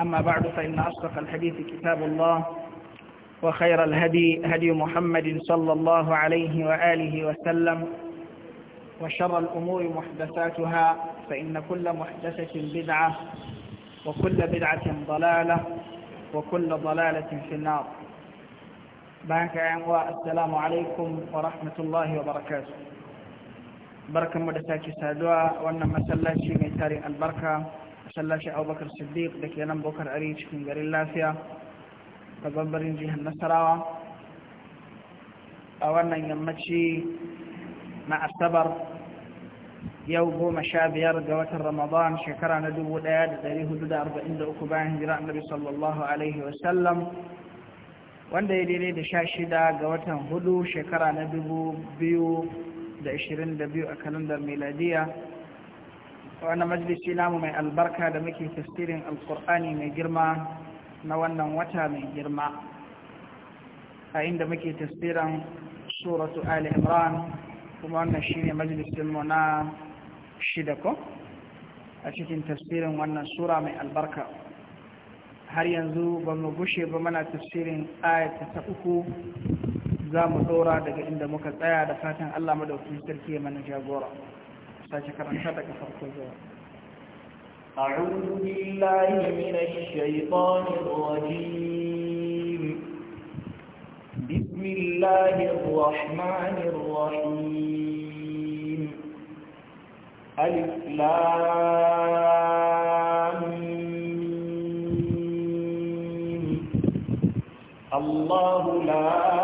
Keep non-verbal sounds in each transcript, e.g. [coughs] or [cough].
أما بعد فإن أصدق الحديث كتاب الله وخير الهدي هدي محمد صلى الله عليه وآله وسلم وشر الأمور محدثاتها فإن كل محدثة بدعة وكل بدعة ضلالة وكل ضلالة في النار بارك السلام عليكم ورحمة الله وبركاته بركة مدساك سادوا وأنما سلاشي من تاريخ البركة masallaci abubakar siddiq da ke nan bokar ari cikin garin lafiya babban babbarin jihar nasarawa a wannan yammaci na asabar yau goma sha biyar ga watan ramadan shekara na dubu ɗaya da dari hudu da arba'in da uku bayan hijira annabi sallallahu alaihi wasallam wanda ya daidai da sha shida ga watan hudu shekara na dubu biyu da ashirin da biyu a kalandar miladiya wannan majalisi namu mai albarka da muke tafsirin alkur'ani mai girma na wannan wata mai girma a inda muke tasirin suratu ali imran kuma wannan ne majalisinmu na shida ko a cikin tafsirin wannan sura mai albarka har yanzu ba mu gushe ba mana tafsirin ayata ta uku za mu dora daga inda muka tsaya da fatan allah madaukakin sarki ya mana jagora أعوذ بالله من الشيطان الرجيم بسم الله الرحمن الرحيم ألف الله لا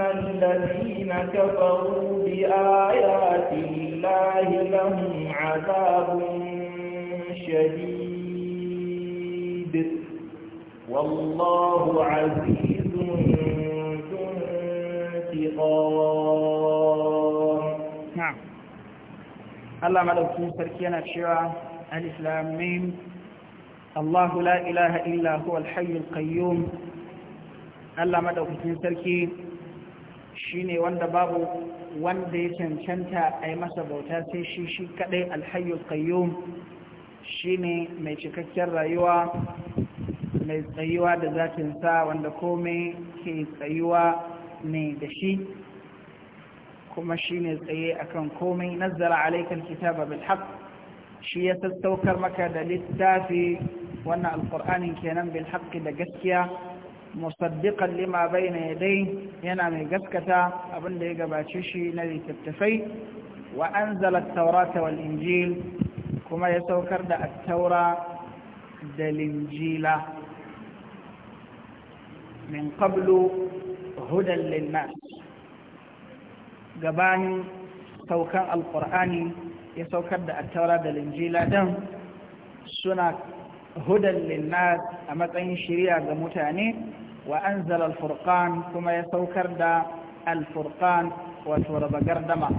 إن الذين كفروا بآيات الله لهم عذاب شديد والله عزيز انتقام نعم الله ملوكين تركينا بشرع الإسلام ميم الله لا إله إلا هو الحي القيوم Allah madaukakin sarki shine wanda babu wanda ya cancanta a yi masa bauta sai shi shi kadai alhayyul qayyum shine mai cikakken rayuwa mai tsayuwa da zatinsa wanda komai ke tsayuwa ne da shi kuma shine tsaye akan komai nazzara alaikal kitaba bil shi ya sassaukar maka da littafi wannan alqur'anin kenan bil da gaskiya musaddiqan lima ya dai yana mai gaskata abin da ya gabace shi na littattafai wa an taurata wal injil kuma ya saukar da at-taura da linjila min qablu hudan lin gabanin saukan alqur'ani ya saukar da at-taura da linjila don suna hudan lin a matsayin shirya ga mutane wa anzal al kuma ya saukar da al wato raba gardama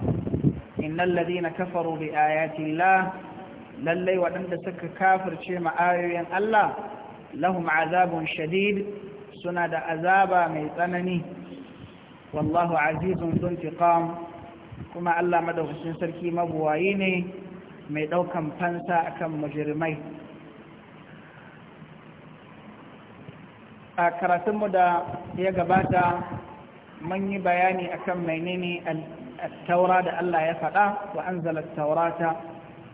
innal ladina kafaru bi ayati lallai waɗanda suka kafirce ma ayoyin Allah lahum azabun shadid suna da azaba mai tsanani wallahu azizun duntiqam kuma Allah madaukakin sarki mabuwayi ne mai ɗaukan fansa akan mujrimai a karatunmu da ya gabata mun yi bayani akan menene taura da Allah ya faɗa wa anzala taurata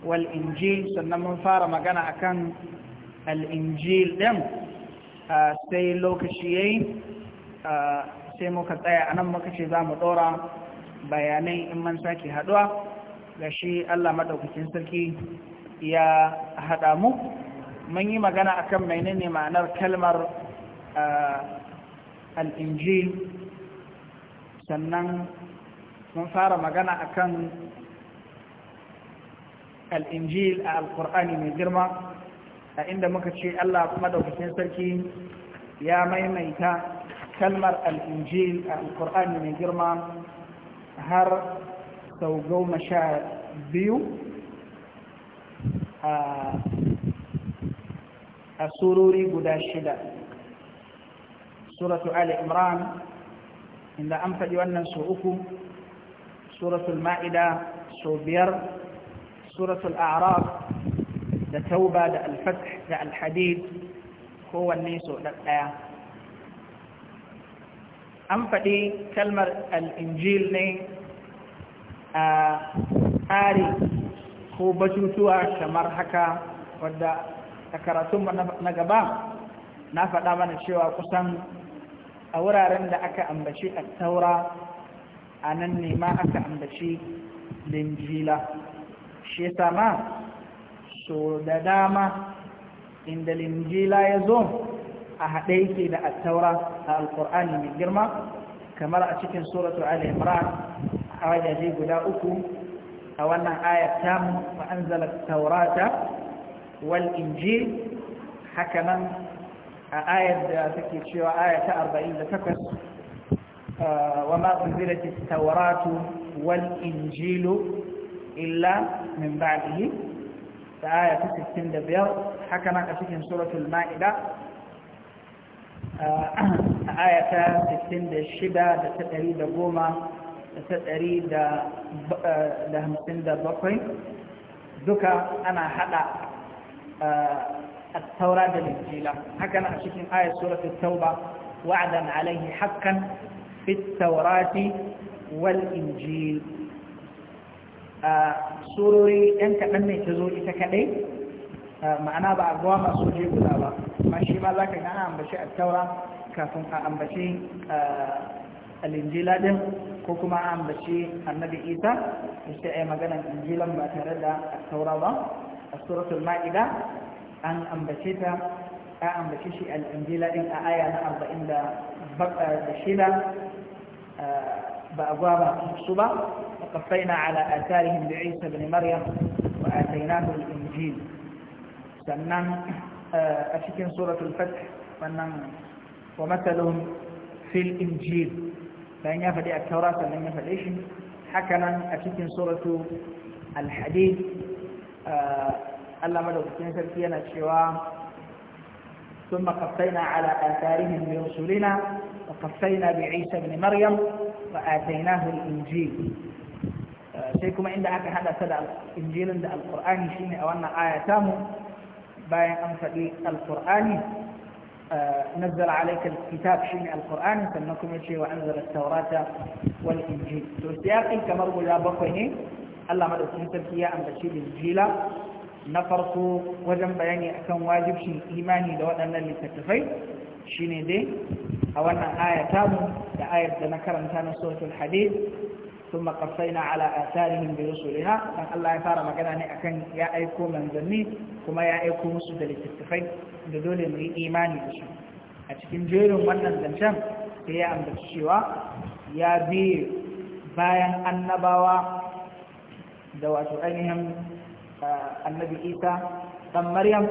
wal injil sannan mun fara magana akan al injil ɗin sai lokaci yayi sai muka tsaya a nan muka ce za mu ɗora bayanai in man sake haɗuwa ga shi Allah maɗaukacin sarki ya haɗa mu mun yi magana akan menene ma'anar kalmar al'injil sannan mun fara magana akan al'injil a alkur'ani mai girma a inda muka ce Allah madaukakin sarki ya maimaita kalmar al'injil a alkur'ani mai girma har sau goma sha biyu a sururi guda shida suratu ali imran inda an faɗi wannan su uku suratul ma'ida so biyar suratul a'raf da tauba da alfath da alhadid kowanne so ɗaya an faɗi kalmar al'injil ne a tsari ko batutuwa kamar haka wadda a karatunmu na gaba na faɗa mana cewa kusan a wuraren da aka ambaci a taura a nan ne ma aka ambaci linjila shi sama so da dama inda linjila ya zo a haɗe yake da attaura a alkur'ani mai girma kamar a cikin suratu al'imran a wajaje guda uku a wannan ayata mu fa'anzala taurata wal injil hakanan a ayar da suke cewa aya ta 48 ah, wa ma unzilat at wal injilu illa min ba'dihi ta aya ta 65 haka nan a cikin suratul ma'ida a ah, aya ta 66 da ta 110 da ta 157 ah, duka ana hada التوراة بالإنجيل هكذا أشوف آية سورة التوبة وعدا عليه حقا في التوراة والإنجيل آه، سوري أنت من يتزوج تكلي آه، معنا بعض ما سوري بلا با ماشي ما لك أنا عم بشيء التوراة كفن عم بشيء آه، الإنجيل هذا كوكما عم بشيء النبي إيسا مش تأي مجانا الإنجيل ما ترد التوراة سورة المائدة an ambace ta a ambace shi al'injila din a aya na arba'in da shida ba a gwaba su ba a kafaina ala atarihim da isa bin maryam wa a tainahu al'injil sannan a cikin suratul fath wannan wa matsalon fil injil bayan ya faɗi a taura sannan ya faɗe shi hakanan a cikin suratu alhadid Allah madaukakin sarki yana cewa ثم قفينا على آثارهم برسلنا وقفينا بعيسى بن مريم وآتيناه الإنجيل سيكم عند أكا هذا سدى الإنجيل عند القرآن شيني أو أن آية تامو باين أنفقي القرآن نزل عليك الكتاب شيني القرآن سنكم يشي وأنزل التوراة والإنجيل تسياقي كما رجل بقيني الله مدى سنتركيا أن تشيل الإنجيل na farko wajen bayani akan wajibcin imani da waɗannan littattafai shine dai a wannan ayatamu da ayar da na karanta na suratul hadid ثم قفينا على آثارهم برسلنا don Allah ya fara magana ne akan ya aiko manzanni kuma ya aiko musu da littattafai da dole mu yi imani da su a cikin jerin wannan zancen sai ya ambaci cewa ya bi bayan annabawa da wato ainihin annabi isa ɗan maryam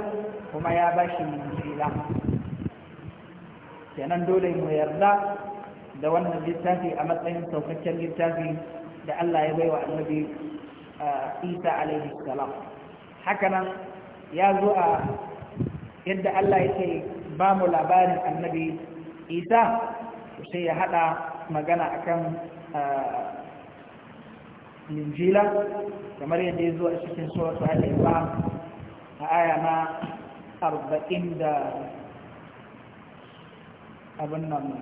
kuma ya ba shi injila kenan dole mu yarda da wannan littafi a matsayin saukakken littafi da Allah ya baiwa annabi isa alaihi salam hakanan ya zo a yadda Allah yake ba mu labarin annabi isa sai ya hada magana akan Injila, kamar yadda ya zo a cikin suratu al-imran a aya na arba'in da abin nan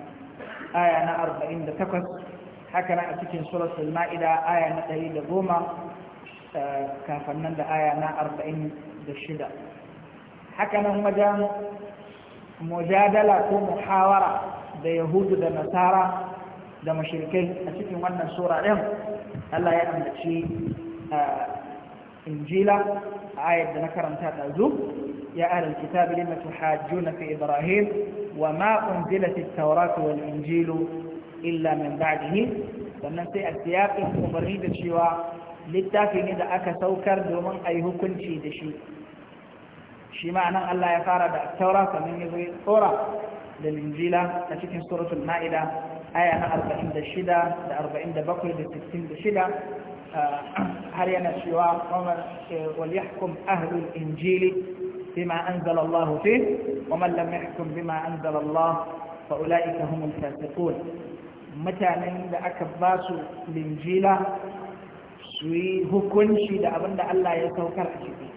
aya na arba'in da takwas haka na a cikin suratul ma'ida aya na ɗari da goma eh, kafin nan da aya na arba'in da shida haka nan wajen mujadala ko muhawara da yahudu da nasara da mashirikai a cikin wannan sura ɗin Allah ya ambaci injila a ayar da na karanta ɗazu ya ahlul kitabi lima na fi ibrahim wa ma unzilat at-taurat wal injilu illa min ba'dihi sannan sai a siyaƙin umarni da cewa littafi ne da aka saukar domin a yi hukunci da shi shi ma'ana Allah ya fara da taura kamar ya zai tsora da linjila a cikin suratul ma'ida aya na arba'in da shida da arba'in da da da bakwai sittin shida har yana cewa wal yahkum ahlul injili bima anzala Allah fi wa man lam yahkum bima anzala Allah fa ulaika humul fasiqun mutanen da aka ba su linjila su yi hukunci da abin da Allah ya saukar a ciki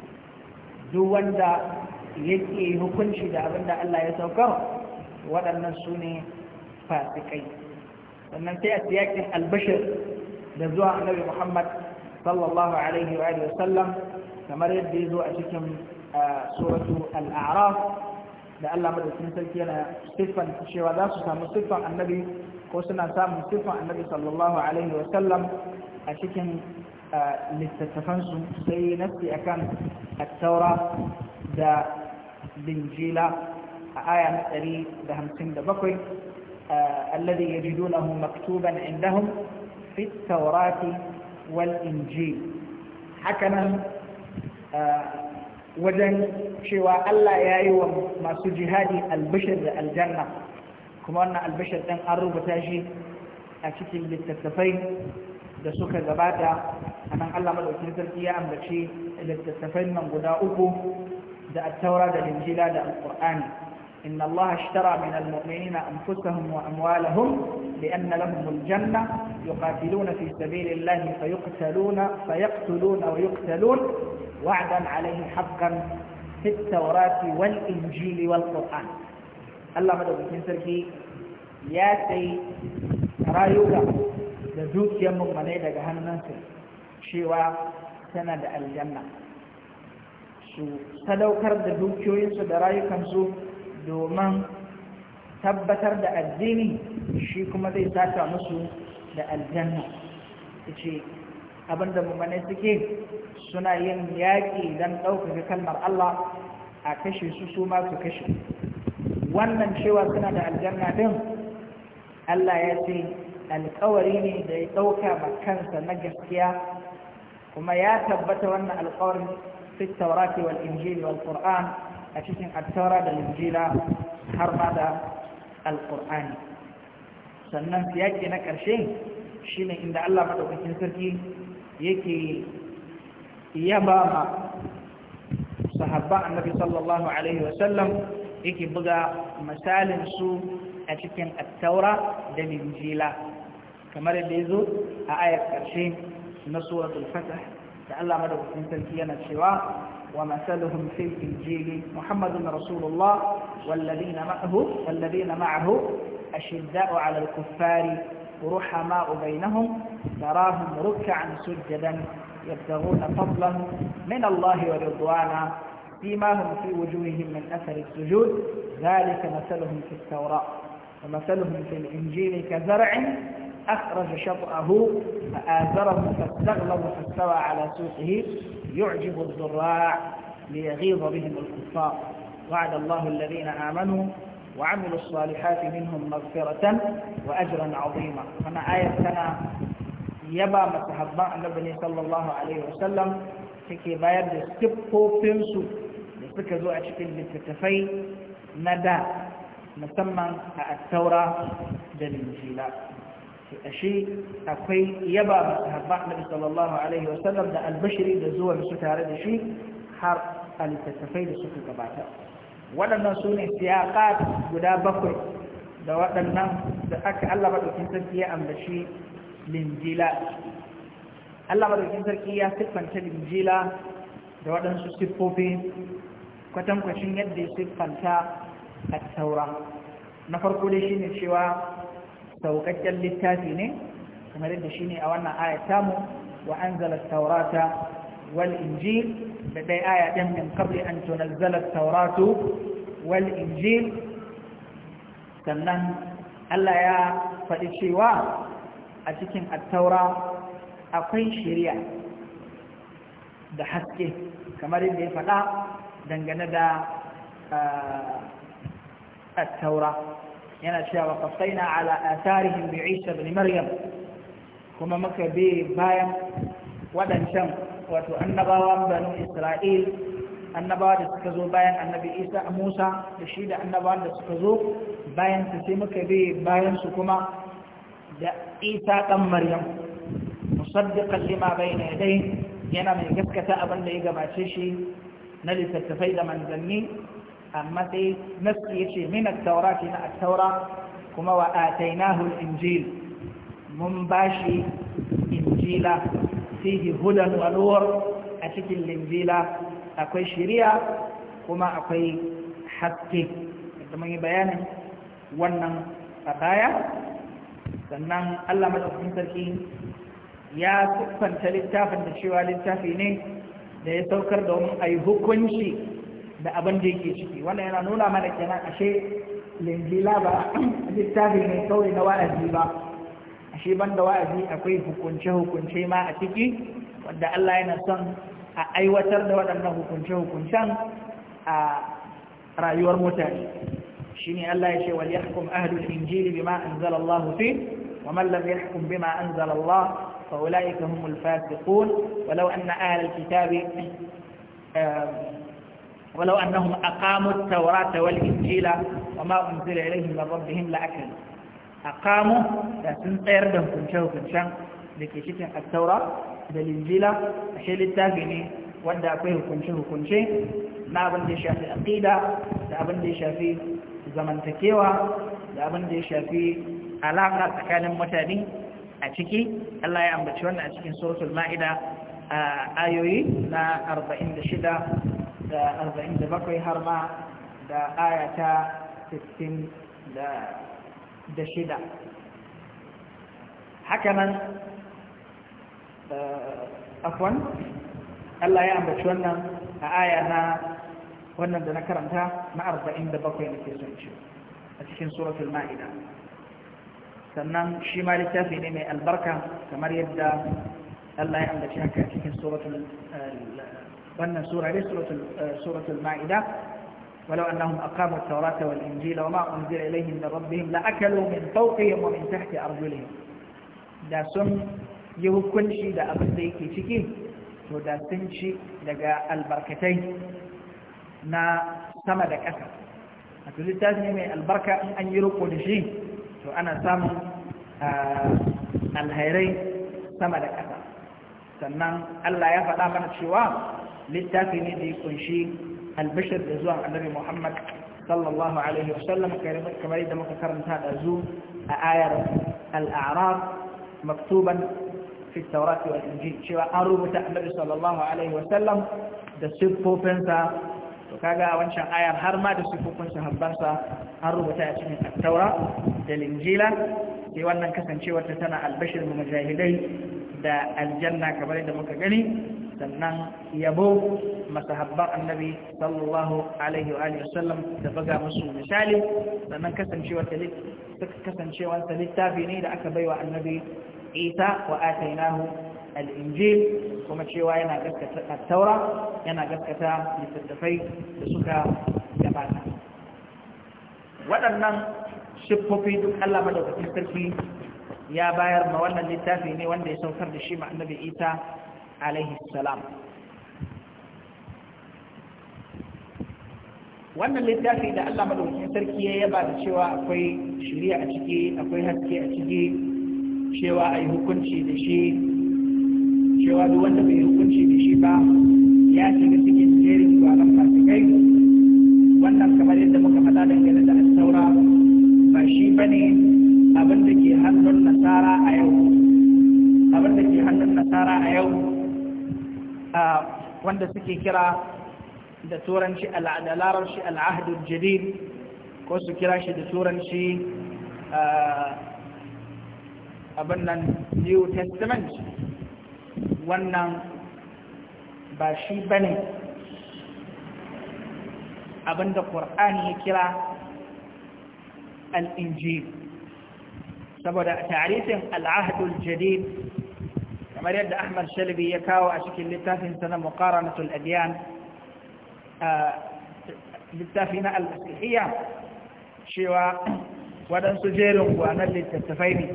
duk wanda yake hukunci da abin da Allah ya saukar waɗannan su ne fasikai sannan sai a yakin albashir da zuwa annabi muhammad sallallahu alaihi wa sallam kamar yadda ya zo a cikin suratu al'araf da allah madaukin sarki yana siffan cewa za su samu siffan annabi ko suna samun siffan annabi sallallahu alaihi wa sallam a cikin littattafansu sai siya kan attaura da linjila a aya na 157 آه، الذي يجدونه مكتوبا عندهم في التوراة والإنجيل حكما آه، وجن شوى ألا يأيو ما سجي البشر الجنة كما أن البشر أن أرو بتاجي أكتل للتكفين دسوك الزبادة أنا ألم الأكتل إياه أم بشي للتكفين من قداؤكو دا التوراة دا الإنجيل دا القرآن إن الله اشترى من المؤمنين أنفسهم وأموالهم لأن لهم الجنة يقاتلون في سبيل الله فيقتلون فيقتلون ويقتلون وعدا عليه حقا في التوراة والإنجيل والقرآن الله مدوكين سركي يا سي رايوغا da dukiyar mummanai جهنم شوى سند الجنة شو aljanna su sadaukar da dukiyoyinsu da domin tabbatar da addini shi kuma zai sata musu da aljanna ce abinda mummane suke suna yin yaƙi don ɗaukaka kalmar Allah a kashe su su masu kashe wannan cewa suna da aljanna din Allah ya ce alkawari ne da ya ɗauka ma kansa na gaskiya kuma ya tabbata wannan alkawarin fi taurati wal injili wal qur'an a cikin attaura da linjila har ma da alƙur'ani sannan yaƙi na ƙarshe shine inda allah maɗaukakin sarki yake yaba ma sahabba annabi sallallahu alaihi wasallam yake buga misalin su a cikin attaura da linjila kamar yadda ya zo a ayar ƙarshe na suratul fatah da allah maɗaukakin sarki yana cewa ومثلهم في الإنجيل محمد رسول الله والذين معه والذين معه أشداء على الكفار رحماء بينهم تراهم ركعا سجدا يبتغون فضلا من الله ورضوانا فيما هم في وجوههم من أثر السجود ذلك مثلهم في التوراة ومثلهم في الإنجيل كزرع أخرج شطأه فآزره فاستغلظ فاستوى على سوقه يعجب الزراع ليغيظ بهم الكفار وعد الله الذين آمنوا وعملوا الصالحات منهم مغفرة وأجرا عظيما فما آية سنة يبا متحبا النبي صلى الله عليه وسلم في bayar da siffofinsu da suka zo a cikin littattafai na da musamman ashe akwai yaba masu haɓa na sallallahu alaihi wasallam da albashiri da zuwa su tare da shi har a da suka gabata waɗannan su ne siyaƙat guda bakwai da waɗannan da aka allah maɗaukin sarki ya ambaci linjila allah maɗaukin sarki ya siffanta linjila da waɗansu siffofi kwatankwacin yadda ya siffanta a taura na farko dai shine cewa saukakken littafi ne kamar yadda shi ne a wannan aya tamu wa an zala taurata wal injil da dai aya ɗin min kabli an zalar tauratu wal injil sannan Allah ya faɗi cewa a cikin attaura akwai shirya da haske kamar yadda ya faɗa dangane da eh, attaura yana cewa qasaina ala a bi Isa ibn Maryam kuma muka bi bayan wadancan wato annabawan banu Isra'il annabawa da suka zo bayan annabi Isa a Musa da shi da annabawan da suka zo bayan su sai muka bi bayan su kuma da Isa dan Maryam musaddiqan lima bayna yadayhi yana mai gaskata abin da ya gabace shi na littattafai da manzanni amma sai nasu ya ce min taura ce na taura kuma wa atainahu injil mun bashi injila fihi hudan wa nur a cikin linjila akwai shiriya kuma akwai haske da mun yi bayanin wannan a baya sannan Allah madaukakin sarki ya siffanta littafin da cewa littafi ne da ya saukar da mu yi hukunci da abin da yake ciki wannan yana nuna mana kenan ashe linjila ba [coughs] littafi mai kawai na wa'azi ba ashe banda wa'azi akwai hukunce hukunce ma a ciki wanda Allah yana son a aiwatar da waɗannan hukunce hukuncen a rayuwar mutane shine Allah ya ce wal yahkum ahlul injili bima anzala Allah fi wa man lam yahkum bima anzala Allah fa ulaika humul fasiqun walau anna ahlal kitabi eh, ولو أنهم أقاموا التوراة والإنجيل وما أنزل إليهم من ربهم لأكل أقاموا hukunce غير دم كنشو كنشان لكي شكل التوراة والإنجيل أشياء للتاجني wanda akwai hukunce-hukunce na abin da ya shafi aƙida da abin da ya shafi zamantakewa da abin da ya shafi alaƙa tsakanin mutane a ciki Allah ya ambaci wani a cikin suratul ma'ida a ayoyi na shida. da arba'in da bakwai har ma da ayata ta sittin da shida hakanan eh, afwan Allah ya ambaci wannan a aya na wannan da na karanta na arba'in da bakwai na ke son a cikin suratul ma'ida sannan shi ma littafi ne mai albarka kamar yadda Allah ya ambaci haka a cikin suratul eh, وأن سورة آه، سورة المائدة ولو أنهم أقاموا التوراة والإنجيل وما أنزل إليهم من ربهم لأكلوا من فوقهم ومن تحت أرجلهم دا سن يهو كل شيء دا أبديك شكي ودا سن شيء دا البركتين نا سمد أكثر أتوزي تازني من البركة أن يرو كل وأنا سام آه، الهيرين سمد أكثر سنن الله يفعل آمن الشواء littafi ne da ya kunshi albishir da zuwa annabi muhammad sallallahu alaihi wasallam kamar yadda muka karanta da zu a ayar al'arab maktuban fi taurati wal cewa an rubuta annabi sallallahu alaihi wasallam da siffofinsa to kaga a wancan ayar har ma da siffofin sahabbansa an rubuta a cikin taura da linjila sai wannan kasancewar ta tana albashir mujahidai da aljanna kamar yadda muka gani sannan yabo masahabban annabi sallallahu alaihi wa sallam da baga musu misali sannan kasancewar ta littafi ne da aka baiwa annabi isa wa atainahu al-injil kuma cewa yana gaskata taura yana gaskata littattafai da suka gabata waɗannan shiffofi duk Allah madaukakin sarki ya bayar ma wannan littafi ne wanda ya saukar da shi ma annabi isa alaihi wannan littafi da Allah madaukakin sarki ya yaba da cewa akwai shari'a a ciki akwai haske a ciki cewa a yi hukunci da shi cewa duk wanda bai hukunci da shi ba ya shiga cikin jerin gwanon wanda suke kira da turanci da larabci jadid ko su kira shi da turanci abin nan new testament wannan ba shi ba ne abinda ƙwar'ani ya kira al'injil saboda tarihin al'ahdul jadid kamar yadda ahmad shalbi ya kawo a cikin littafin na muqaranatul adiyan littafi na al'asihiyya cewa waɗansu jerin gwanar littattafai ne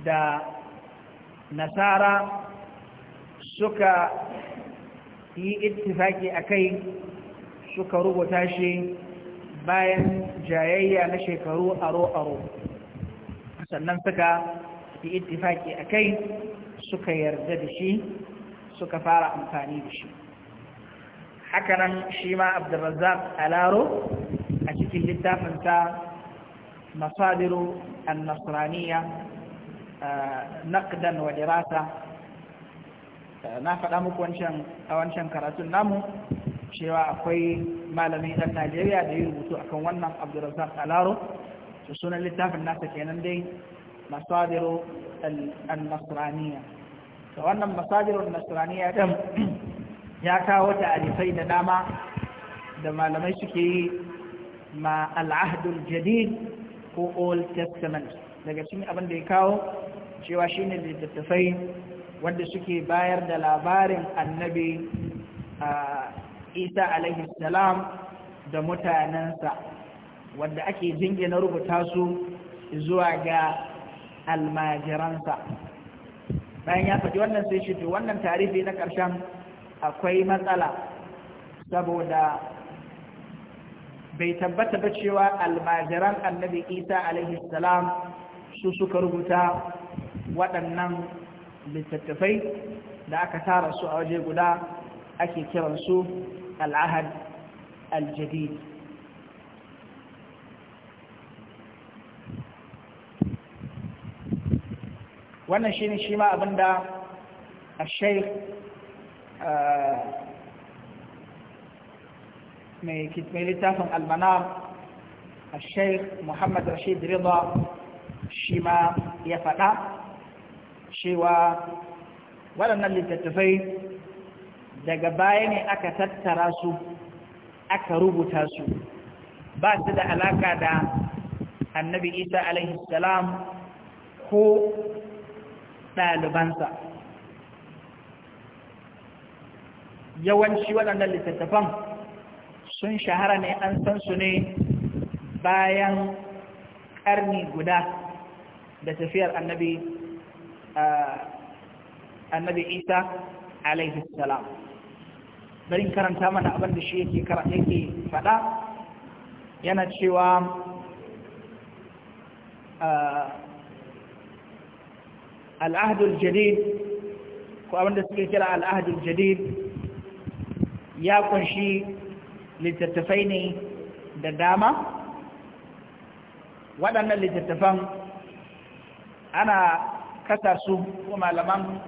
da nasara suka yi ittifaki a kai suka rubuta shi bayan jayayya na shekaru aro-aro sannan suka da ittifaki a kai suka yarda da shi suka fara amfani da shi hakanan shi ma abdurrazzaq alaro a cikin littafinsa masadiru annasraniya naqdan wa dirasa na faɗa muku a wancan karatun namu cewa akwai malamin ɗan najeriya da yin rubutu akan wannan abdurrazzaq alaro su sunan littafin nasa kenan dai masadiru al-nasraniya da wannan masadiru al-nasraniya din ya kawo ta'arifai da dama da malamai suke yi ma al-ahdul jadid ko old testament daga cikin abin da ya kawo cewa shine littattafai wanda suke bayar da labarin annabi isa alaihi da mutanensa wanda ake jingina rubuta su zuwa ga almajiransa bayan ya faɗi wannan sai shi wannan tarihi na ƙarshen akwai matsala saboda bai tabbata ba cewa almajiran annabi isa alaihi salam su suka rubuta waɗannan littattafai da aka tara su a waje guda ake kiransu al'ahad al-jadid wannan shi ne shi ma abinda a shaikh uh, mai littafin almana a shaikh muhammad rashid rida shi ma ya faɗa cewa waɗannan littattafai daga baya ne aka tattara su aka rubuta su ba su da alaƙa da annabi isa alaihissalam ko ɗalibansa yawanci waɗannan littattafan sun shahara ne an san su ne bayan ƙarni guda da tafiyar annabi annabi isa alaihi salam bari karanta mana abin da shi yake yake faɗa yana cewa al'adul jadid ko abinda suke kira al'adul jadid ya kunshi littattafai ne da dama waɗannan littattafan ana kasa su ko malaman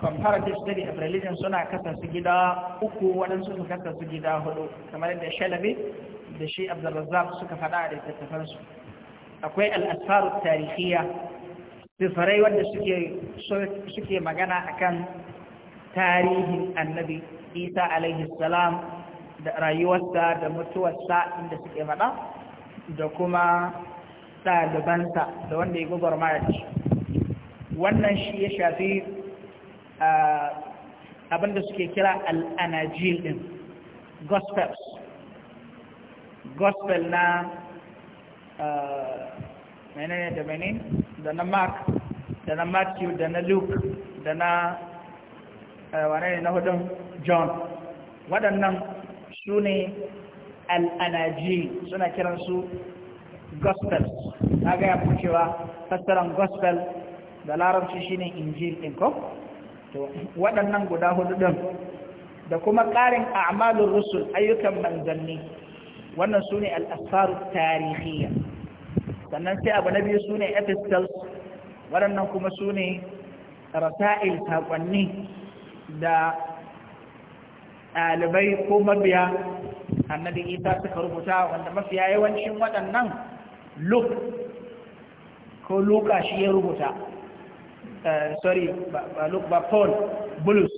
comparative study of religion suna kasa su gida uku waɗansu su kasa su gida hudu kamar yadda shalabi da shi abdulrazzaq suka faɗa a littattafansu akwai al'asfarar tarihiyya bifarai wanda suke magana akan tarihin annabi isa alaihi salam da rayuwarsa da mutuwarsa inda suke faɗa da kuma ɗalibansa da wanda ya gubar mayaci wannan shi ya shafi abinda suke kira al'anajil ɗin gospels gospel na menene da menene da na mark da na matthew da na luke da na eh, wane na hudun john waɗannan su ne al'anaji suna kiransu gospel na gaya ku cewa fassaran gospel da larabci shine injil in ko to waɗannan guda hudu ɗin da kuma ƙarin a'malin rusul ayyukan manzanni wannan su ne al'asarar tarihiyya sannan sai abu na biyu su ne epistles waɗannan kuma su ne rasa'il saƙonni da ɗalibai ko mabiya annabi isa suka rubuta wanda mafiya yawancin waɗannan luk ko luka shi ya rubuta eh, sorry ba luk ba paul bulus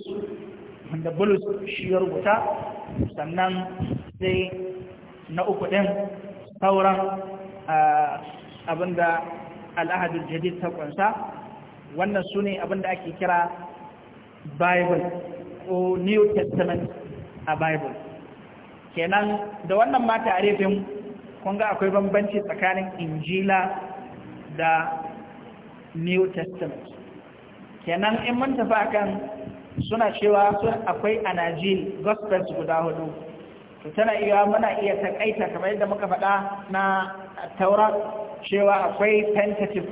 wanda bulus shi ya rubuta sannan sai na uku ɗin sauran eh, abinda al'ahadul jadid ta kunsa wannan su ne abinda ake kira bible ko new testament a bible kenan da wannan ma tarifin kun ga akwai bambanci tsakanin injila da new testament kenan in mun tafi kan suna cewa akwai anajil gospels guda hudu to tana iya muna iya takaita kamar yadda muka faɗa na taurat cewa akwai tentative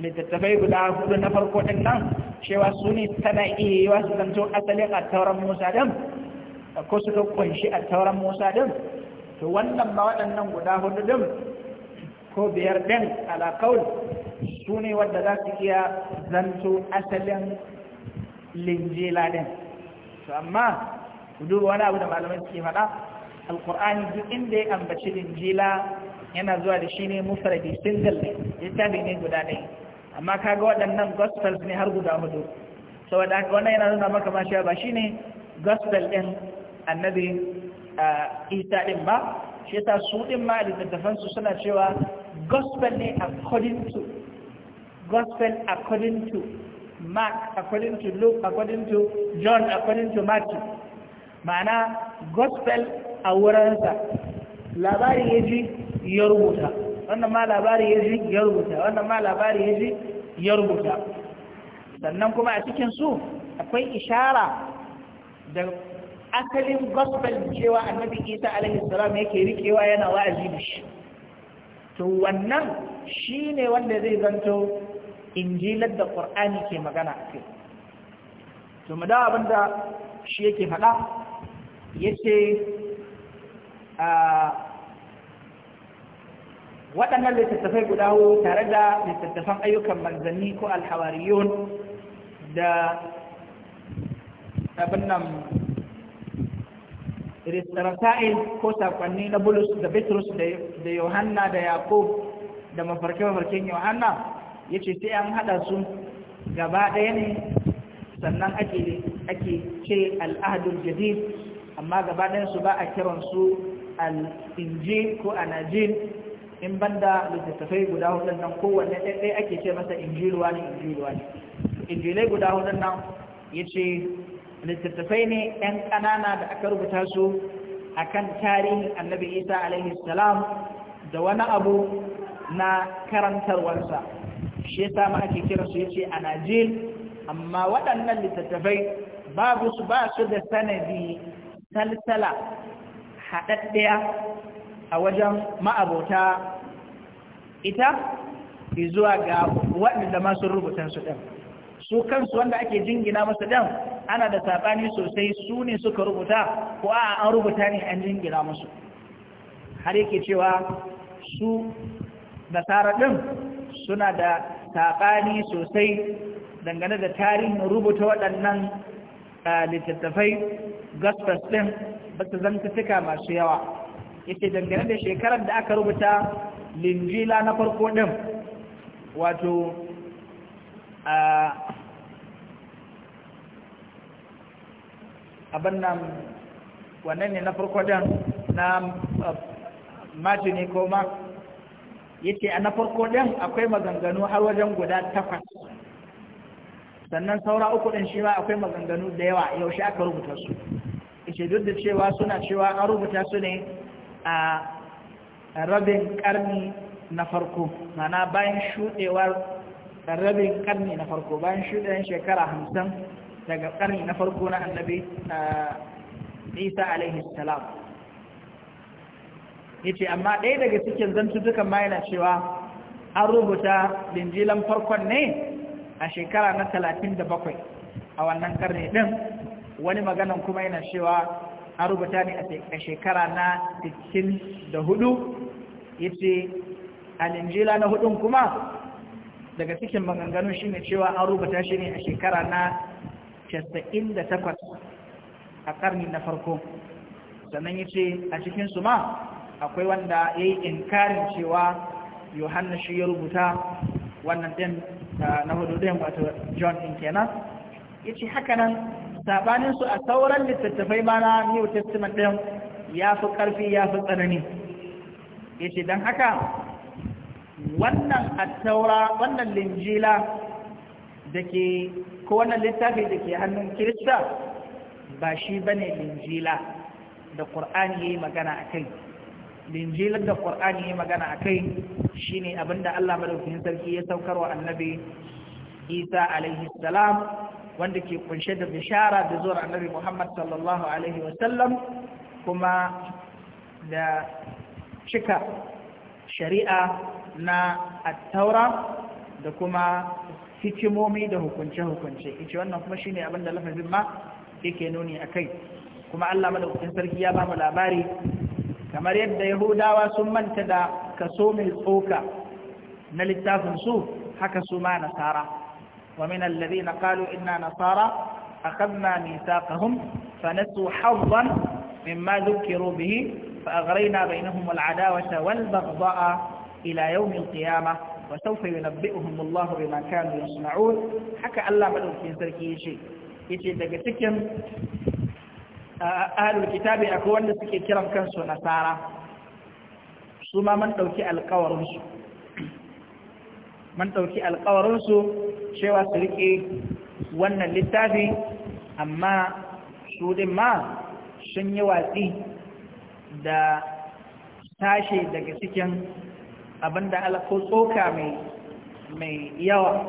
littattafai guda hudu na farko ɗin nan cewa su ne tana iya yi wasu zanto asalin a tauran musa ɗin ko suka kunshi a tauran musa ɗin to wannan ma waɗannan guda hudu ɗin ko biyar ɗin alaƙaun su ne wadda za su iya zanto asalin linjila ɗin to amma ku duba wani abu da malamai suke faɗa alkur'ani duk inda ya ambaci injila yana zuwa da shi ne mufaradi single ne littafi ne guda ne amma kaga waɗannan gospels ne har guda hudu saboda haka wannan yana nuna maka ma ba shi ne gospel ɗin annabi eh, isa ɗin ba shi yasa su ɗin ma da su suna cewa gospel ne according to gospel according to mark according to luke according to john according to matthew ma'ana gospel a wurinsa labari ya ji ya rubuta wannan ma labari ya ji ya rubuta wannan ma labari ya ji ya rubuta sannan kuma a cikin su akwai ishara da asalin gospel cewa annabi isa alaihi yake rikewa yana wa'azi da shi to wannan shi ne wanda zai zanto injilar da qur'ani ke magana a kai to mu da abinda shi yake faɗa yace a waɗannan littattafai guda hu tare da littattafan ayyukan manzanni ko alhawariyon da abin nan ko sakonni na bulus da bitrus da yohanna da yakub da mafarke-mafarken yohanna ya ce sai an haɗa su gaba ɗaya ne sannan ake ce al'adun jadid amma gabaɗinsu ba a kiransu al-injil ko anajil in banda littattafai guda hudun nan kowanne ɗaiɗai ake ce masa injiluwa ne injiluwa ne injilai guda hudun nan ya ce littattafai ne ‘yan ƙanana da aka rubuta su a kan tarihin annabi isa alaihi salam da wani abu na karantarwarsa shi ya samu ake kiransu ya ce a amma waɗannan littattafai babu su ba su da sanadi salsala haɗaɗɗaya a wajen ma'abota ita zuwa ga waɗanda masu rubutan su ɗan su kansu wanda ake jingina masu ɗan ana da saɓani sosai su ne suka rubuta ko a an rubuta ne an jingina masu har yake cewa su tsara ɗin suna da saɓani sosai dangane da tarihin rubuta waɗannan eh, littattafai Gospels din ba su zantattuka masu yawa yake dangane da shekarar da aka rubuta linjila na farko din wato abin nan wannan ne na farko din na martini ko mark yace a na farko din akwai maganganu har wajen guda takwas sannan saura uku din shi ma akwai maganganu da yawa yaushe aka rubuta su ce duk da cewa suna cewa an rubuta su ne a rabin karni na farko mana bayan shudewar rabin karni na farko bayan shudewar shekara hamsin daga karni na farko na annabi isa alaihi salam ya ce amma ɗaya daga cikin zantutukan ma yana cewa an rubuta linjilan farkon ne a shekara na talatin da bakwai a wannan karni ɗin wani maganan kuma yana cewa an rubuta ne a shekara na 64 yace al-injila na hudun kuma daga cikin maganganun shine cewa an rubuta shi ne a shekara na 98 a karni na farko sannan yace a cikin su ma akwai wanda yayi inkarin cewa Yohanna shi ya rubuta wannan din ah, na hudu din wato John din kenan yace haka nan su a sauran littattafai ma na new testament ɗin ya fi ƙarfi ya fi tsanani ya ce don haka wannan attaura wannan linjila da ke ko wannan littafi da ke hannun kirista ba shi ba ne linjila da ƙur'ani ya yi magana a kai linjilar da ƙur'ani ya yi magana a kai shi ne abinda allah madaukakin sarki ya saukar wa annabi isa alaihi salam wanda ke kunshe da bishara da zuwa annabi Muhammad sallallahu alaihi wasallam kuma da cika shari'a na attaura da kuma hikimomi da hukunce-hukunce ita wannan kuma shine abin da lafazin ma yake nuni a kai kuma Allah madaukakin sarki ya mu labari kamar yadda yahudawa sun manta da kaso mai tsoka na littafin su haka su ma nasara ومن الذين قالوا إنا نصارى أخذنا ميثاقهم فنسوا حظا مما ذكروا به فأغرينا بينهم العداوة والبغضاء إلى يوم القيامة وسوف ينبئهم الله بما كانوا يصنعون حكى الله في سركي شيء يتي دقتكم آه، أهل الكتاب أكون لسكي كرم kiran نصارى nasara من ma man man ɗauki alkawarinsu cewa su riƙe wannan littafi amma su ma sun yi watsi da tashi daga cikin abinda alako tsoka mai yawa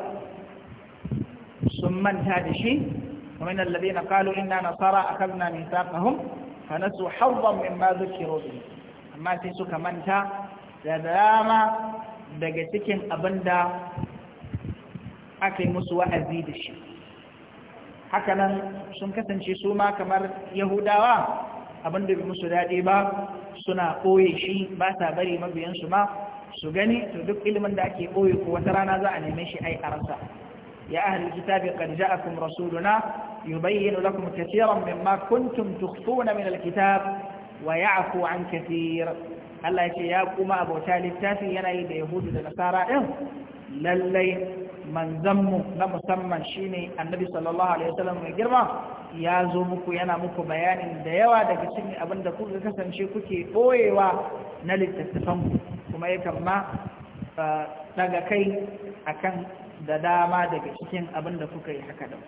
sun manta da shi nasara a قالوا إنا نصارى أخذنا su فنسوا حظا مما ذكروا به amma sai suka manta da dama daga cikin abin da aka yi musu wa'azi da shi hakanan sun kasance su ma kamar yahudawa abin da bai musu daɗi ba suna ɓoye shi ba sa bari mabiyansu ma su gani to duk ilimin da ake ɓoye ko wata rana za a neme shi ai a rasa ya ahli kitabi qad ja'akum rasuluna bayyana lakum katiran mimma kuntum tukhfuna min alkitab wa ya'fu an katir Allah ya ce ya kuma abota littafin yana yi da yahudu da nasara ɗin lallai manzanmu na musamman shine annabi sallallahu alaihi wasallam mai girma ya zo muku yana muku bayanin da yawa daga cikin abin da kuka kasance kuke ɓoyewa na littattafan kuma yakan ma daga uh, kai akan da dama daga cikin abin da kuka yi haka da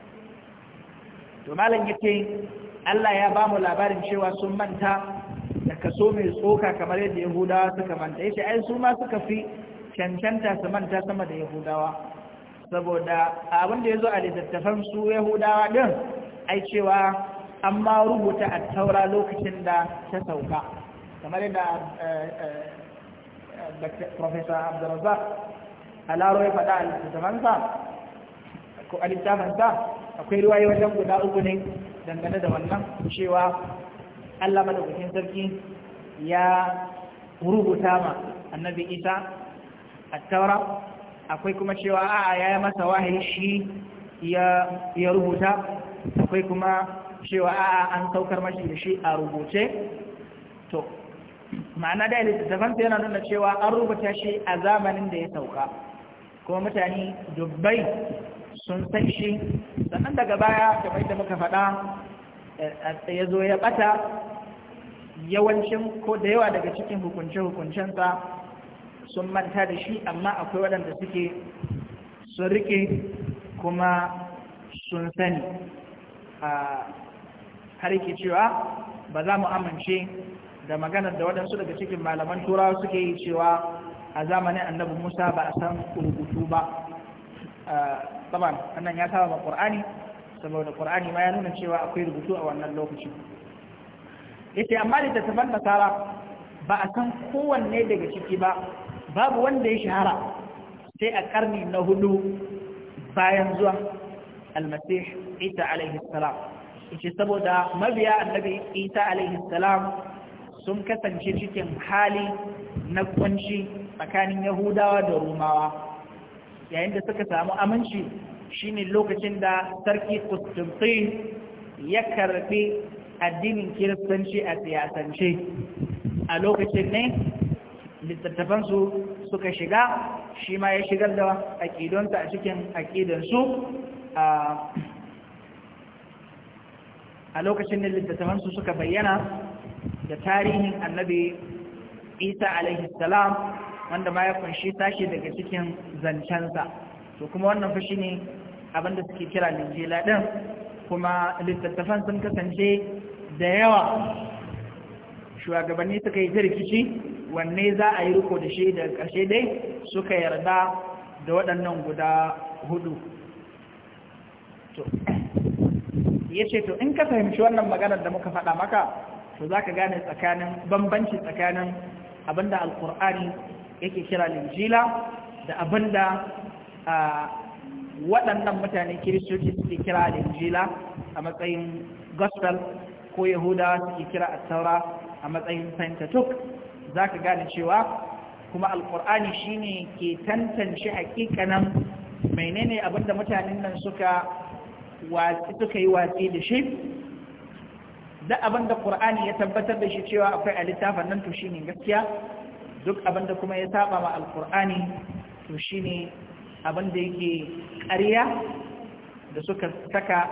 to malam yake Allah ya ba mu labarin cewa sun manta da kaso mai tsoka kamar yadda yahudawa suka manta yace ai su ma suka fi cancanta su manta sama da yahudawa saboda abin da ya zo a littattafan su yahudawa din ai cewa an ma rubuta a taura lokacin da ta sauka kamar yadda eh, eh, professor abdulrazak alaro ya faɗa a littattafansa ko a akwai ruwaye wajen guda uku ne dangane da wannan cewa Allah madaukakin sarki ya rubuta ma annabi Isa A taura akwai kuma cewa a ya masa wahayi shi ya rubuta akwai kuma cewa a'a an saukar mashi da shi a rubuce to ma'ana da littattafansa yana nuna cewa an rubuta shi a zamanin da ya sauka kuma mutane dubbai sun san shi sannan daga baya kamar da muka faɗa ya zo ya bata yawancin ko da yawa daga cikin hukunce-hukuncensa sun manta da shi amma akwai waɗanda suke sun rike kuma sun sani har yake cewa ba za mu amince da maganar da waɗansu daga cikin malaman turawa suke yi cewa a zamanin annabi musa ba a san rubutu ba saman annan ya saba ba ƙur'ani saboda qur'ani ma ya nuna cewa akwai rubutu a wannan lokaci yace amma littattafan nasara ba a san kowanne daga ciki ba babu wanda ya shahara sai a karni na hudu bayan zuwan almasih isa alaihi salam yace saboda mabiya annabi isa alaihi salam sun kasance cikin hali na kunci tsakanin yahudawa da rumawa yayin da suka samu aminci ne lokacin da sarki Constantine ya karɓi addinin kiristanci a siyasance a lokacin ne littattafansu suka shiga shi ma ya shigar da aƙidonsa a cikin aƙidansu a lokacin ne littattafansu suka bayyana da tarihin annabi isa alaihi salam wanda ma ya kunshi tashi daga cikin zancensa to kuma wannan fashi ne abinda suke kira linjila ɗin kuma littattafan sun kasance da yawa shugabanni suka yi ta rikici wanne za a yi riko da shi da ƙarshe dai suka yarda da waɗannan guda hudu ya ce to in ka fahimci wannan maganar da muka faɗa maka to za ka gane tsakanin bambanci tsakanin abinda alkur'ani yake kira linjila da abinda ah, waɗannan mutane kiristoci suke kira da injila a matsayin gospel ko yahudawa suke kira a taura a matsayin pentateuch za ka gane cewa kuma alkur'ani shine ke tantance hakikanin menene abinda mutanen nan suka watsi suka yi watsi da shi da abinda qur'ani ya tabbatar da shi cewa akwai a littafin nan to shine gaskiya duk abinda kuma ya saba ma alkur'ani to shine abin da yake ƙarya da suka saka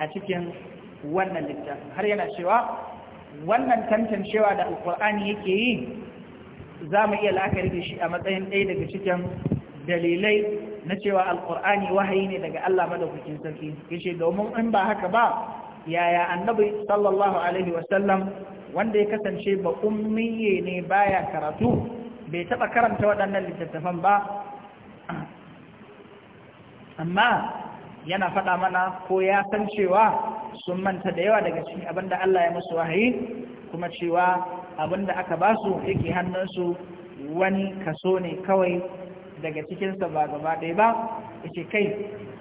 a cikin wannan littafin har yana cewa wannan tantancewa da alkur'ani yake yi za mu iya la'akari da shi a matsayin ɗaya daga cikin dalilai na cewa Alƙur'ani wahayi ne daga Allah madaukakin sarki yace domin in ba haka ba yaya annabi sallallahu alaihi wasallam wanda ya kasance ba ummiye ne baya karatu bai taɓa karanta waɗannan littattafan ba amma yana faɗa mana ko ya san cewa sun manta da yawa daga cikin abinda Allah ya musu wahayi kuma cewa da aka ba su yake hannunsu wani kaso ne kawai daga cikinsa ba gaba ɗaya ba yake kai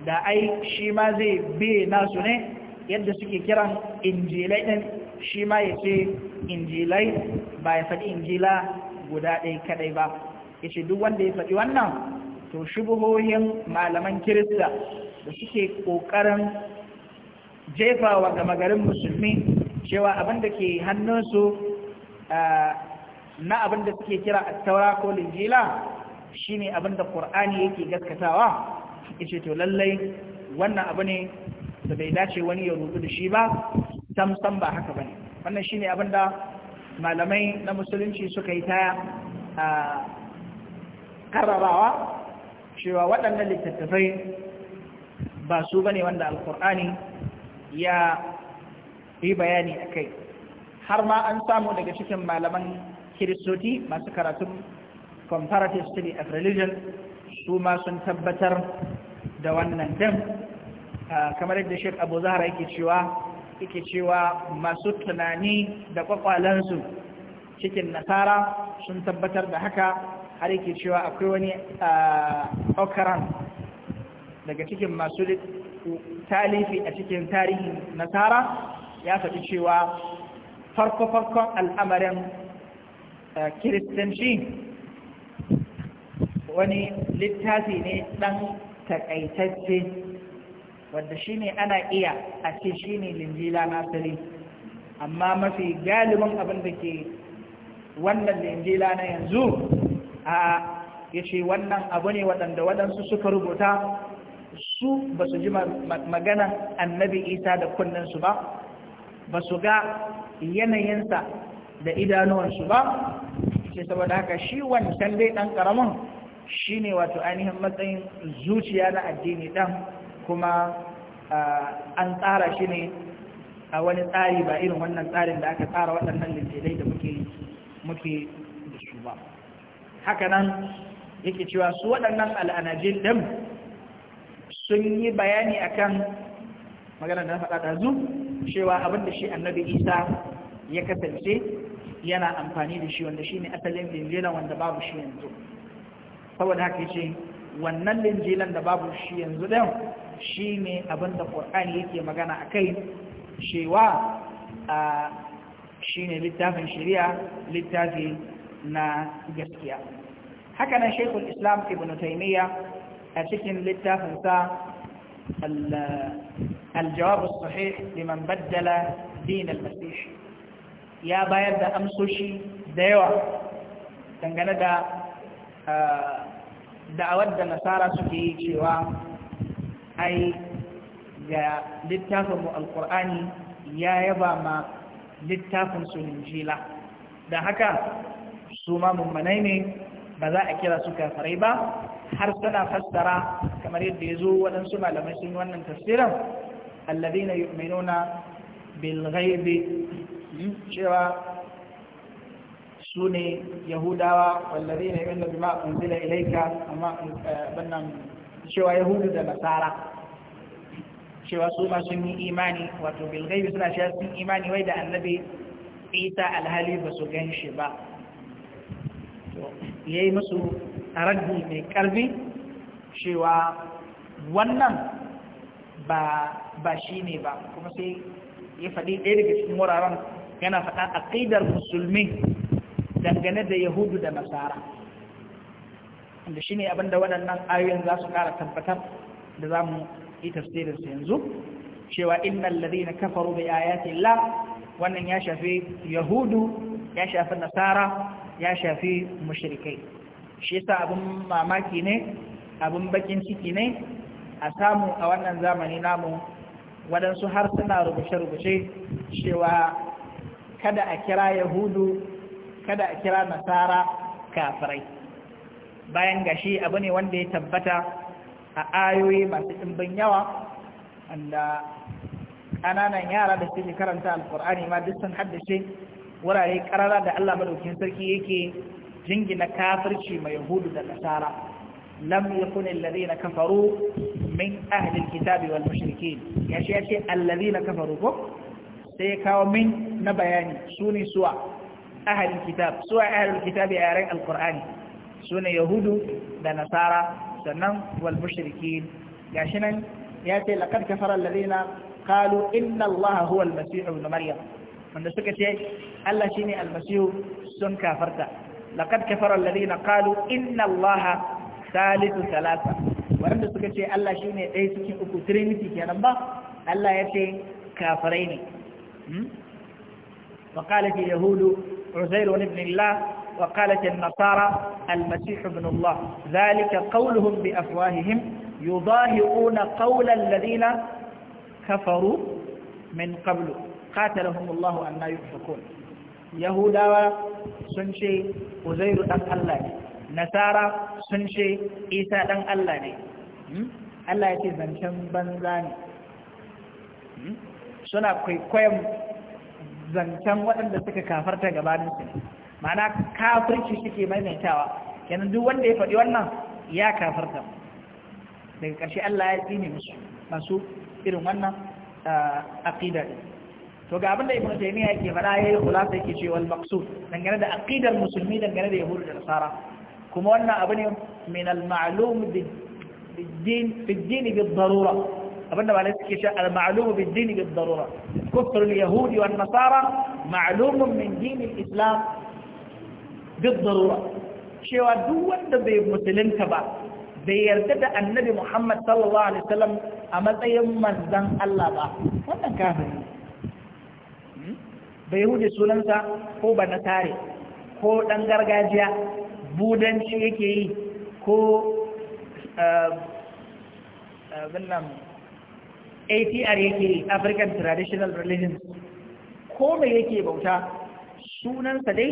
da ai shi ma zai be nasu ne yadda suke kiran injilai ɗin shi ma ya ce injilai ba ya faɗi injila guda ɗaya kaɗai ba ya duk wanda ya faɗi wannan to shubuhoyin malaman kirista da suke ƙoƙarin jefawa gama garin musulmi cewa abin da ke hannunsu na abin da suke kira a taura ko linjila shi ne abin da ƙur'ani yake gaskatawa ce to lallai wannan abu ne da bai dace wani ya rubu da shi ba samsam ba haka ba wannan shi ne abin malamai na musulunci suka yi ta karrarawa cewa waɗannan littattafai ba su bane wanda alkur'ani ya yi bayani a kai har ma an samu daga cikin malaman kiristoti masu karatun comparative study of religion su ma sun tabbatar da wannan dam ah, kamar yadda shek abu zahara yake cewa yake cewa masu tunani da kwakwalensu cikin nasara sun tabbatar da haka har yake cewa akwai wani okaran daga cikin masu talifi a cikin tarihin nasara ya faɗi cewa farko-farkon al'amarin kiristanci wani littafi ne ɗan takaitacce wanda shi ne ana iya a ce shi ne linjila nasiri amma mafi galibin abin da ke wannan linjila na yanzu a yace wannan abu ne waɗanda waɗansu suka rubuta su ba su ji magana annabi isa da kunninsu ba ba su ga yanayinsa da idanuwansu ba ce saboda haka shi wancan dai ɗan ƙaramin shi ne wato ainihin matsayin zuciya na addini dan kuma an tsara shi ne a wani tsari ba irin wannan tsarin da aka tsara waɗannan littattafai da muke da su ba haka nan yake cewa su waɗannan al'anajin ɗin sun yi bayani akan magana da faɗa zu cewa abinda shi annabi isa ya kasance yana amfani da shi wanda shi ne asalin linjila wanda babu shi yanzu saboda haka ce wannan linjilan da babu shi yanzu ɗin shi ne abinda ƙor'ani yake magana a kai cewa shi ne littafin shari'a littafi na gaskiya haka nan shekul islam ibn taimiyya a cikin littafinsa الجواب الصحيح لمن baddala dinar المسيح ya bayar da amsoshi da yawa dangane da da'awar da nasara suke yi cewa ai ga littafinmu alkur'ani ya yaba ma littafin su linjila da haka su ma mummanai ne ba za a kira su kafarai ba har suna fassara kamar yadda ya zo waɗansu malamai sun yi wannan tafsirin alladina yu'minuna bil bilgaibe cewa su ne yahudawa walladina yu'minuna bima unzila ilayka amma eh, bannan cewa yahudu da nasara cewa su ma sun yi imani wato bil suna cewa imani wai da annabi isa alhali ba su gan shi ba ya yi musu raddi mai ƙarfi cewa wannan ba shi ne ba kuma sai ya faɗi ɗaya daga cikin wuraren yana faɗa aƙidar musulmi dangane da yahudu da nasara da shi ne abinda waɗannan ayoyin za su ƙara tabbatar da za mu yi tafsirinsa yanzu cewa innal na kafaru bi ayati la. wannan ya shafi yahudu ya shafi nasara ya shafi mushrikai shi yasa abin mamaki ne abin bakin ciki ne a samu a wannan zamani namu waɗansu har suna rubuce-rubuce cewa kada a kira yahudu kada a kira nasara kafirai bayan gashi abu ne wanda ya tabbata a ayoyi masu ɗimbin yawa wanda ƙananan yara da suke karanta Alƙur'ani ma duk sun haddace wurare karara da Allah madaukakin sarki yake jingina kafirci mai yahudu da nasara lam yakun alladhina kafaru min ahli alkitabi wal mushrikeen ya shi yace alladhina kafaru ko sai ya kawo min na bayani sune suwa ahli alkitab suwa ahli alkitab a yaren alqur'ani sune yahudu da nasara sannan wal mushrikeen gashi nan yace laqad kafara alladhina qalu inna allaha huwa almasih ibn maryam wanda suka ce Allah shi ne almasihu sun kafarta laƙar kafarar ladina ƙalu inna allaha salisu talata waɗanda suka ce Allah shi ne ɗaya suke uku trinity kenan Allah ya ce kafarai ne hmm? wa ƙala ke yahudu rosairu wani binla wa ƙala ke nasara almasihu bin allah zalika ƙaunuhun bi afwahihim yuzahi'una ƙaunar ladina kafaru min ƙablu Allahu qatalahumullahu anna yufakun yahudawa sun ce uzairu dan Allah ne nasara sun ce isa dan Allah ne hmm? Allah ya ce zancen banza ne hmm? suna kwaikwayon zancen waɗanda suka kafarta gabaninsu ne ma'ana kafirci suke maimaitawa kenan duk wanda ya faɗi wannan ya kafarta daga ƙarshe Allah ya tsine musu masu irin wannan ah, aƙida to ga abinda ibnu taymiya yake fara yayi khulasa yake cewa al-maqsud dangane da aqidar musulmi dangane da yahudu da nasara kuma wannan abu ne min al-ma'lum bid-din bid-din bid-darura abinda malai suke cewa al-ma'lum bid-din bid-darura kufr al-yahudi wan nasara ma'lum min din al-islam bid-darura cewa duk wanda bai musulunta ba bai yarda da annabi Muhammad sallallahu alaihi wasallam a matsayin manzon Allah ba wannan kafiri Bai huje sunansa ko ba na tare ko ɗan gargajiya budanci yake yi ko eh, atr yake yi african traditional religions ko mai yake bauta sunansa dai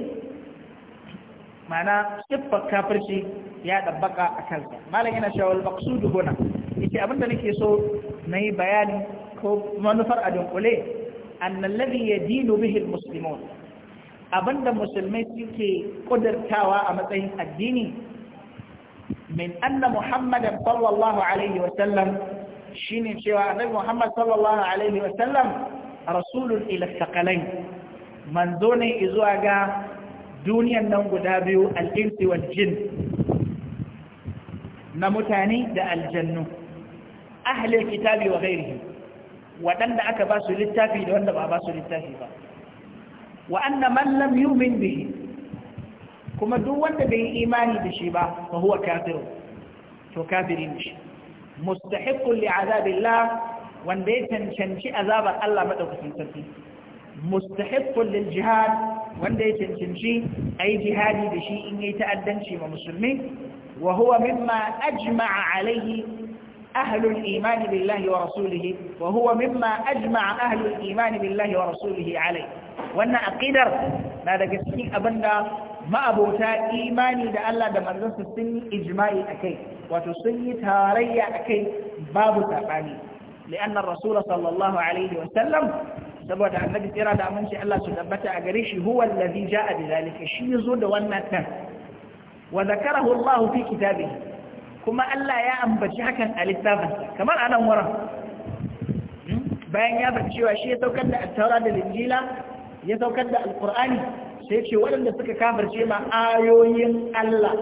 mana siffar kafirci ya ɗabbaka a kansa malam yana shawar maksudu gona ita abinda nake so na yi bayani ko manufar a dunkule annal ya yadinu bihi almuslimun abinda musulmai suke kudartawa a matsayin addini min anna muhammadan sallallahu alaihi wa sallam shine cewa annabi muhammad sallallahu alaihi wa sallam rasulun ila manzo ne zuwa ga duniyan nan guda biyu al-insi jin na mutane da aljannu ahlul kitabi wa ghairihim waɗanda aka ba su littafi da wanda ba ba su littafi ba wa anna man lam yu'min bihi kuma duk wanda bai imani da shi ba fa huwa kafir to kafiri ne shi mustahiqqun li'azabillah wanda ya cancanci azabar Allah madaukakin sarki mustahiqqun lil jihad wanda ya cancanci ayi jihadi da shi in yayi ta'addanci ma musulmi wa huwa mimma ajma'a alaihi أهل الإيمان بالله ورسوله وهو مما أجمع أهل الإيمان بالله ورسوله عليه وأن أقدر ماذا كسكين أبنى ما أبوتا إيماني دا الله دا مرزس السن إجماعي أكي وتصني تاري أكي باب تفاني لأن الرسول صلى الله عليه وسلم saboda annabi tsira da aminci Allah su tabbata a gare shi huwa allazi jaa bi zalika shi yazo da wannan nan wa zakarahu Allah fi kitabihi kuma Allah ya ambaci hakan a littafinsa kamar a nan wurin hmm? bayan ya faɗi cewa shi ya saukar da attaura da linjila ya saukar da alkur'ani sai ce waɗanda suka kafarce ma ayoyin Allah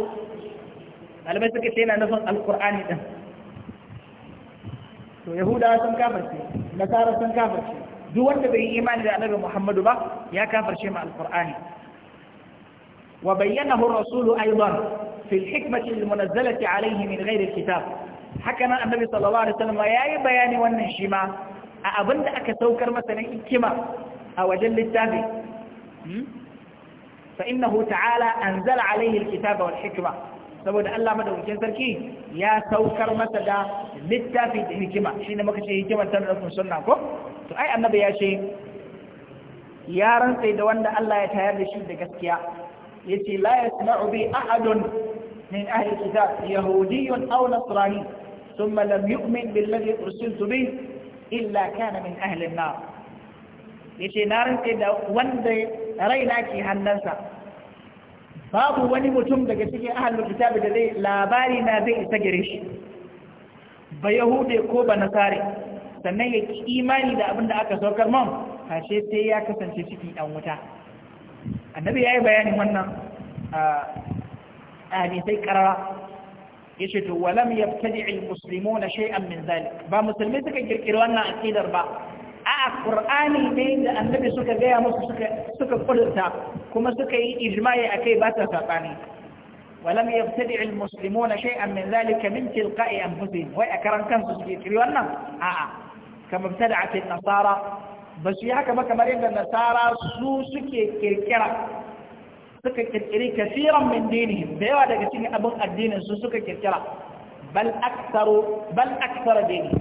malamai suka ce yana nufin alkur'ani ɗin to yahudawa sun kafarce nasara sun kafarce duk wanda bai yi imani da annabi muhammadu ba ya kafarce ma alkur'ani wa bayyana rasulu aidan في الحكمة المنزلة عليه من غير الكتاب حكنا النبي صلى الله عليه وسلم ياي بياني والنشمة أبند أكتوكر مثلا إكما أو جل التابع فإنه تعالى أنزل عليه الكتاب والحكمة saboda Allah madaukakin sarki ya saukar masa da littafi da hikima ne muka ce hikimar ta da sunna ko to ai annabi ya ce ya rantse da wanda Allah ya tayar da shi da gaskiya yace la yasma'u bi ahadun من أهل الكتاب يهودي أو نصراني ثم لم يؤمن بالذي أرسلت به إلا كان من أهل النار yace na rantse da wanda raina ke hannunsa babu wani mutum daga cikin ahalin kitabi da zai labari na zai isa gare shi ba yahude ko ba nasare sannan ya ki imani da abin da aka saukar man kashe sai ya kasance ciki dan wuta annabi ya yi bayanin wannan hadisai karara yace to walam ya fita yabtadi almuslimuna shay'an min zalik ba musulmi suka kirkiri wannan akidar ba a qur'ani ne da annabi suka gaya musu suka suka kudurta kuma suka yi ijma'i kai ba ta sabani walam ya fita yabtadi almuslimuna shay'an min zalik min an anfusihim wai akaran kansu suke kirkiri wannan a a kama da an-nasara ba su yi haka ba kamar yadda nasara su suke kirkira suka kirkiri kasiran min dinihim da yawa daga cikin abin addinin su suka kirkira bal aktsaru bal aktsara dini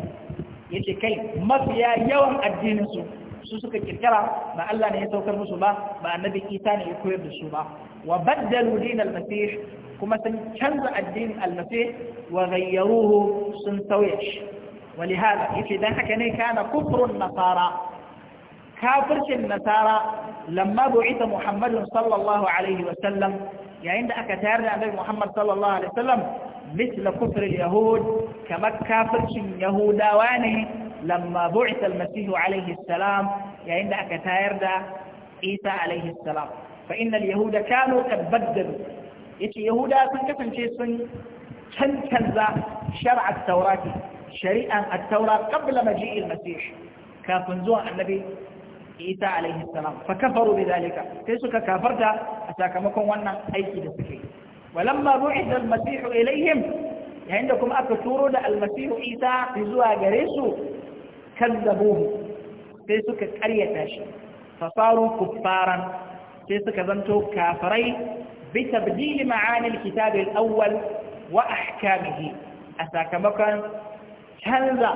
yace kai mafiya yawan addinin su su suka kirkira ba Allah ne ya saukar musu ba ba annabi Isa ne ya koyar da su ba wa baddalu din al-masih kuma sun canza addinin al-masih wa ghayyaruhu sun tauye shi ولهذا يجي ده كان كان كفر النصارى كافر النصارى لما بعث محمد صلى الله عليه وسلم يعني aka tayar النبي محمد صلى الله عليه وسلم مثل كفر اليهود كما كافر يهودا وانه لما بعث المسيح عليه السلام يعني عند تاير دا عيسى عليه السلام فإن اليهود كانوا قد بدلوا يتي يهودا سنكفن شيء سن شرع التوراة شريعة التوراة قبل مجيء المسيح كافنزوها النبي isa alaihi salam fa kafaru bi zalika sai suka kafarta a sakamakon wannan aiki da suke walamma bu'ida al-masih ilaihim yayin da kuma aka turo da al-masih isa zuwa gare su kazzabuhu sai suka karyata shi fa saru kuffaran sai suka zanto kafirai bi tabdil ma'ani al-kitab al-awwal wa ahkamihi a sakamakon canza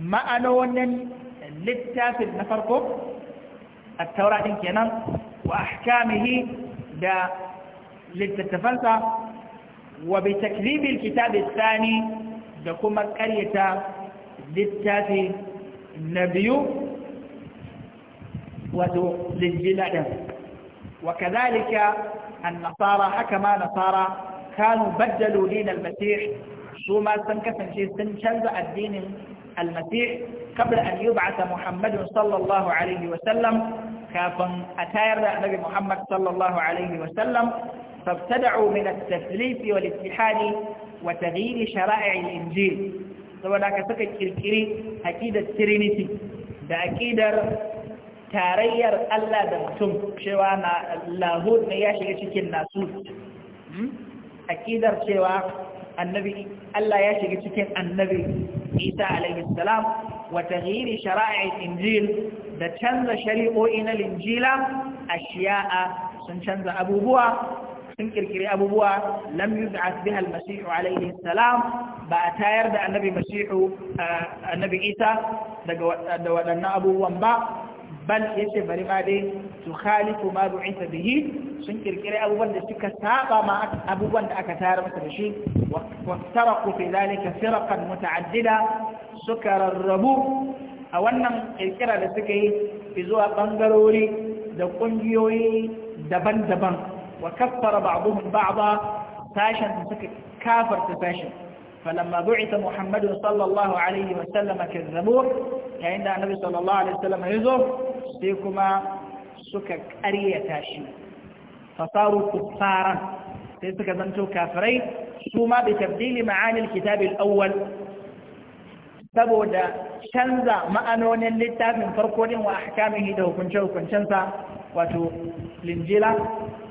ma'anonin للتافل نفرقه التوراة كنا وأحكامه دا للتفلسة وبتكذيب الكتاب الثاني دكما قرية للتافي النبي وذو للجلد وكذلك النصارى حكما نصارى كانوا بدلوا دين المسيح su ma sun kasance sun canza addinin almasih kabla an yub'atha muhammadun sallallahu alaihi kafin a tayar da annabi muhammad sallallahu alaihi wa sallam فابتدعوا من التثليث والاتحاد وتغيير شرائع الانجيل saboda ka suka kirkiri aqidar trinity da aqidar tarayyar Allah da mutum cewa na lahud ne ya shiga cikin nasu hmm? aqidar cewa annabi Allah ya shiga cikin annabi Isa alaihi salam wa taghyiri shara'i injil da canza shari'o'i na linjila ashiya'a sun canza abubuwa sun kirkiri abubuwa lam yuz'at biha al-masih salam ba a tayar da annabi masih eh, annabi isa daga da waɗannan abubuwan ba bal yace bari ma dai su khalifu ma bu'ita bihi sun kirkire abubuwan da suka saba ma abubuwan da aka tayar masa da shi wa taraku fi zalika firqan muta'addida suka rarrabu a wannan kirkira da suka yi fi zuwa bangarori da kungiyoyi daban-daban wa kaffara ba'dhum ba'dha sashin suka kafarta sashin فلما بعث محمد صلى الله عليه وسلم كذبوه عند النبي صلى الله عليه وسلم يزوف سيكما سكك أريتاشي فصاروا كفارا سيسك زنتو كافرين ثم بتبديل معاني الكتاب الأول saboda canza ma'anonin littafin farko din wa ahkamihi da hukunce-hukuncensa wato linjila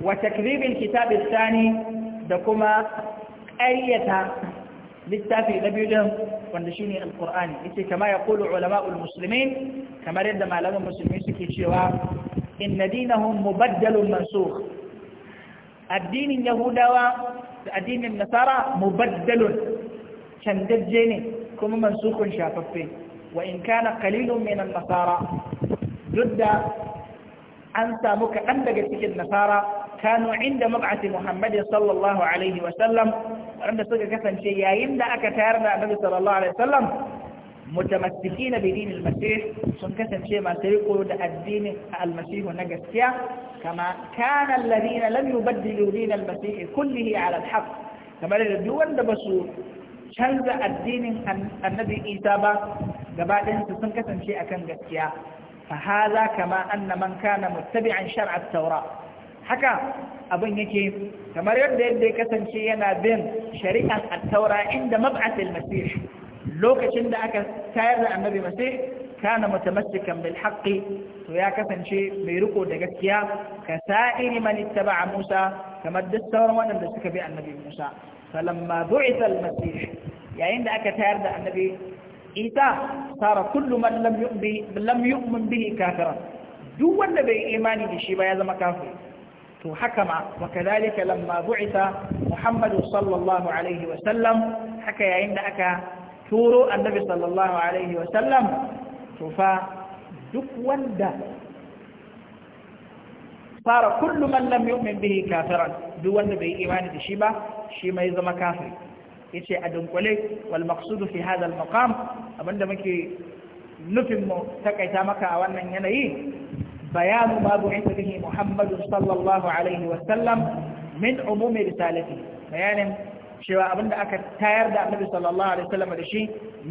wa takribin kitab tsani da kuma ƙaryata littafi na biyu din wanda shine alqur'ani yace kama yaqulu ulama'ul muslimin kamar yadda malaman musulmi suke cewa inna dinahum mubaddalun mansukh addinin yahudawa da addinin nasara mubaddalun canjajje ne kuma mansukhun shafaffe wa in kana qalilun min nasara duk da an samu kaɗan daga cikin nasara كانوا عند مبعث محمد صلى الله عليه وسلم عند صدق كثم شيئين لأك تارنا النبي صلى الله عليه وسلم متمسكين بدين المسيح صدق كثم شيئ ما تريقوا الدين المسيح نقسيا كما كان الذين لم يبدلوا دين المسيح كله على الحق كما لدوا اندبسوا شنز الدين النبي إيتابا قبل أن تصدق كثم شيئا كان فهذا كما أن من كان متبعا شرع التوراة haka abin yake kamar yadda yadda ya kasance yana bin shari'ar attaura inda mab'atul masih lokacin da aka tayar da annabi masih kana mutamassikan bil haqqi to ya kasance mai riko da gaskiya ka sa'iri man ittaba'a Musa kamar da sauran waɗanda suka bi annabi Musa falamma bu'itha al masih yayin da aka tayar da annabi Isa sara kullu man lam yu'min bihi kafiran duk wanda bai imani da shi ba ya zama kafiri to hakama ma wa kadhalika lamma bu'itha Muhammadu sallallahu alaihi wa sallam haka yayin da aka turo annabi sallallahu alaihi wa sallam to fa duk wanda fara kullu man lam yu'min bihi kafiran duk wanda bai imani da shi ba shi mai zama kafiri yace a dunkule wal maqsudu fi hadha al maqam abinda muke nufin mu takaita maka a wannan yanayi بيان ما بعث به محمد صلى الله عليه وسلم من عموم رسالته بيان cewa abinda aka tayar da annabi sallallahu alaihi wasallam da shi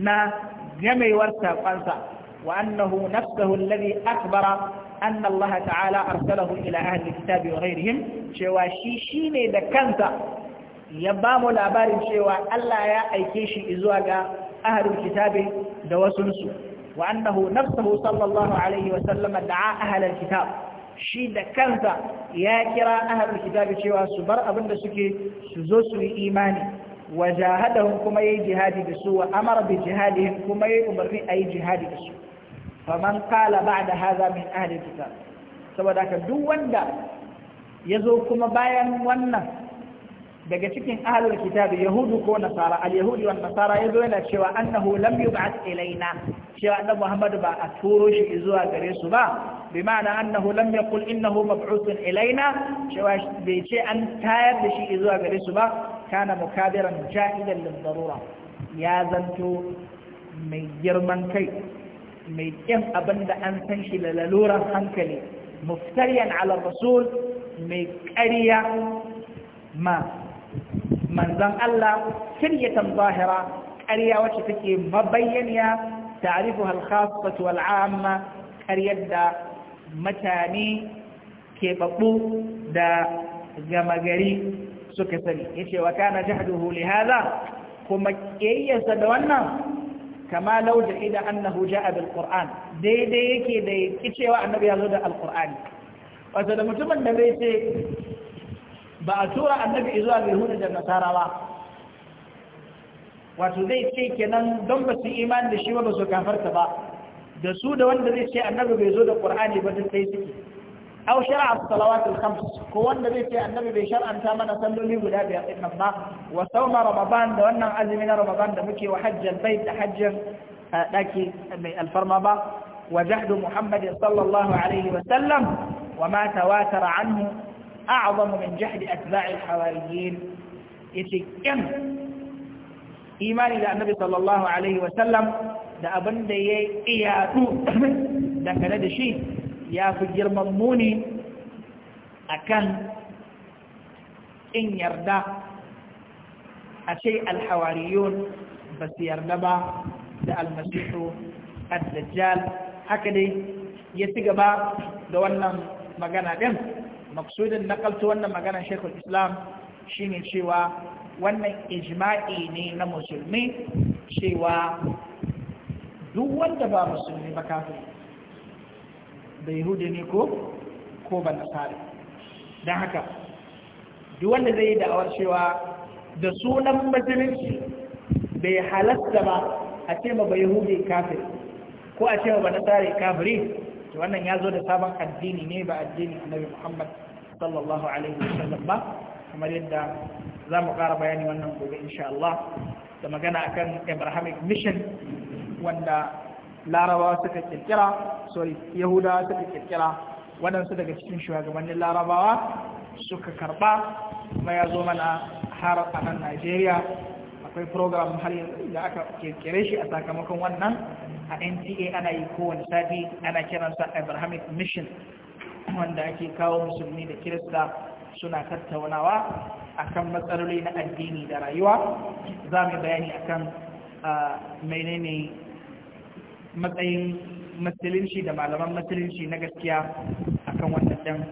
na gamewar sakonsa wa annahu nafsuhu alladhi akbara anna Allah ta'ala arsalahu ila ahli kitabi wa ghayrihim cewa shi shine da kansa ya ba mu labarin cewa Allah ya aike shi zuwa ga ahli kitabi da wasunsu وأنه نفسه صلى الله عليه وسلم دعا أهل الكتاب shi da kansa ya kira ahlul kitabi cewa su bar abin da suke suzo zo su yi imani wa jahadahum kuma yayi jihadi da su wa amara bi jihadihim kuma yayi umarni ayi jihadi da su kala qala ba'da hadha min ahli kitab saboda ka duk wanda ya zo kuma bayan wannan daga cikin ahlul kitabi yahudu ko nasara al-yahudi wa nasara yazo yana cewa annahu lam yub'ath ilaina cewa annabi Muhammad ba a turo shi zuwa gare su ba bi ma'ana annahu lam yaqul innahu mab'uthun ilaina cewa bai ce an tayar da shi zuwa gare su ba kana mukabiran jahilan lil darura ya zanto mai girman kai mai kyan abinda an san shi da hankali muftariyan ala rasul mai ƙarya ma manzon Allah shiryatan zahira ƙarya wacce take mabayyaniya ta'rifuha al-khassatu wal 'amma ƙaryar da mutane ke babu da gama gari suka sani yace wa kana jahduhu li hadha kuma kiyayyarsa da wannan kama law da ida annahu ja'a bil qur'an daidai yake da cewa annabi ya zo da al wato da mutumin da bai ce ba a tura annabi zuwa ga yahuda da nasara ba wato zai ce kenan don ba su imani da shi ba ba su kafarta ba da su da wanda zai ce annabi bai zo da qur'ani ba duk sai suke aw shar'a salawatul khams ko wanda zai ce annabi bai shar'anta mana salloli guda biyar din nan ba wa sauma ramadan da wannan azumi na ramadan da muke wa hajjal bait da hajjin daki mai alfarma ba wa jahdu muhammadin sallallahu alaihi wa sallam wa ma tawatara a'azamu min jahdi atba'il hawariyin yace kyan imani da annabi sallallahu alaihi wasallam da abinda ya iyatu dangane da shi ya fi girman muni akan in yarda a ce alhawariyun ba su yarda ba da almasihu ad-dajjal haka dai ya ci gaba da wannan magana ɗin maksudin nakalta wannan maganar shekul islam shine cewa wannan ijma'i ne na musulmi cewa duk wanda ba musulmi ba kafin da yahudi ne ko ko ba nasari don haka duk wanda zai yi da'awar cewa da sunan musulunci bai halasta ba a ce ma ba yahudi kafin ko a ce ma ba nasari kafin to wannan ya zo da sabon addini ne ba addini annabi muhammad sallallahu alaihi wasallam ba kamar yadda za mu ƙara bayani wannan gobe insha Allah da magana akan Abrahamic mission wanda larabawa suka kirkira sorry yahudawa suka kirkira waɗansu daga cikin shugabannin larabawa suka karɓa kuma ya zo mana har a nan Najeriya akwai program har yanzu da aka kirkire shi a sakamakon wannan a nta ana yi kowane sati ana kiransa abrahamic mission wanda ake kawo musulmi da kirista suna tattaunawa akan matsaloli na addini da rayuwa za mu bayani akan menene matsayin musulunci da malaman musulunci na gaskiya akan wannan dan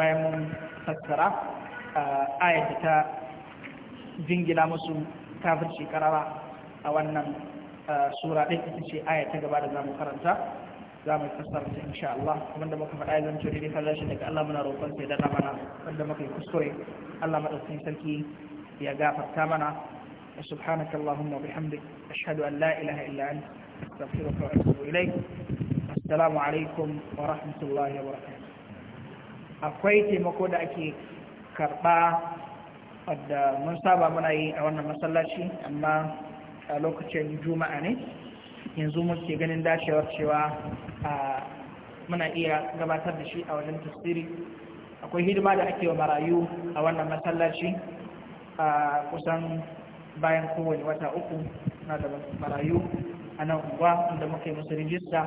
bayan mun fassara ayyata ta jingina musu kafirci karara a wannan eh, sura ɗin ita ce aya ta gaba da zamu karanta za mu fassara ta insha Allah wanda muka faɗa yanzu zanto daidai kan rashin daga Allah muna roƙon sai da mana wanda muka yi kuskure Allah madaukakin sarki ya gafarta mana سبحانك اللهم وبحمدك أشهد أن لا إله إلا أنت أستغفرك وأتوب إليك السلام عليكم ورحمة الله وبركاته akwai taimako da ake karba. wadda mun saba muna yi a wannan masallaci amma a lokacin juma'a ne yanzu muke ganin dacewar cewa muna iya gabatar da shi a wajen tasiri akwai hidima da ake wa marayu a wannan masallaci a kusan bayan kowane wata uku na da marayu a nan unguwa inda muke musu rijista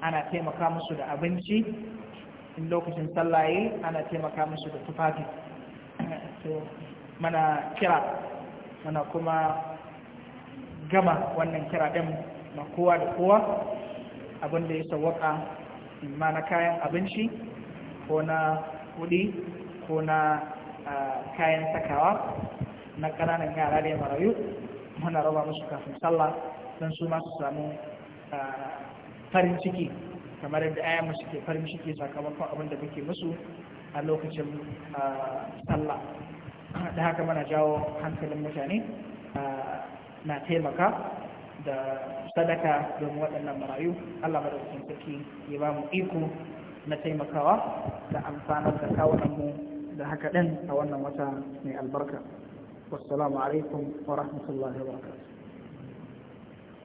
ana taimaka musu da abinci in lokacin sallaye ana taimaka musu da tufafi mana kira mana kuma gama wannan kira ɗin ma kowa da kowa abinda ya sauwaka ma na kayan abinci ko na kuɗi ko na kayan sakawa na ƙananan yara da ya marayu muna raba musu kafin sallah don su masu samu farin ciki kamar yadda musu ke farin ciki sakamakon abinda muke musu a lokacin sallah da haka mana jawo hankalin mutane na taimaka da sadaka domin waɗannan marayu Allah madaukakin sarki ya ba mu iko na taimakawa da amfanar da kawunanmu da haka ɗin a wannan wata mai albarka wassalamu alaikum wa rahmatullahi wa barakatuh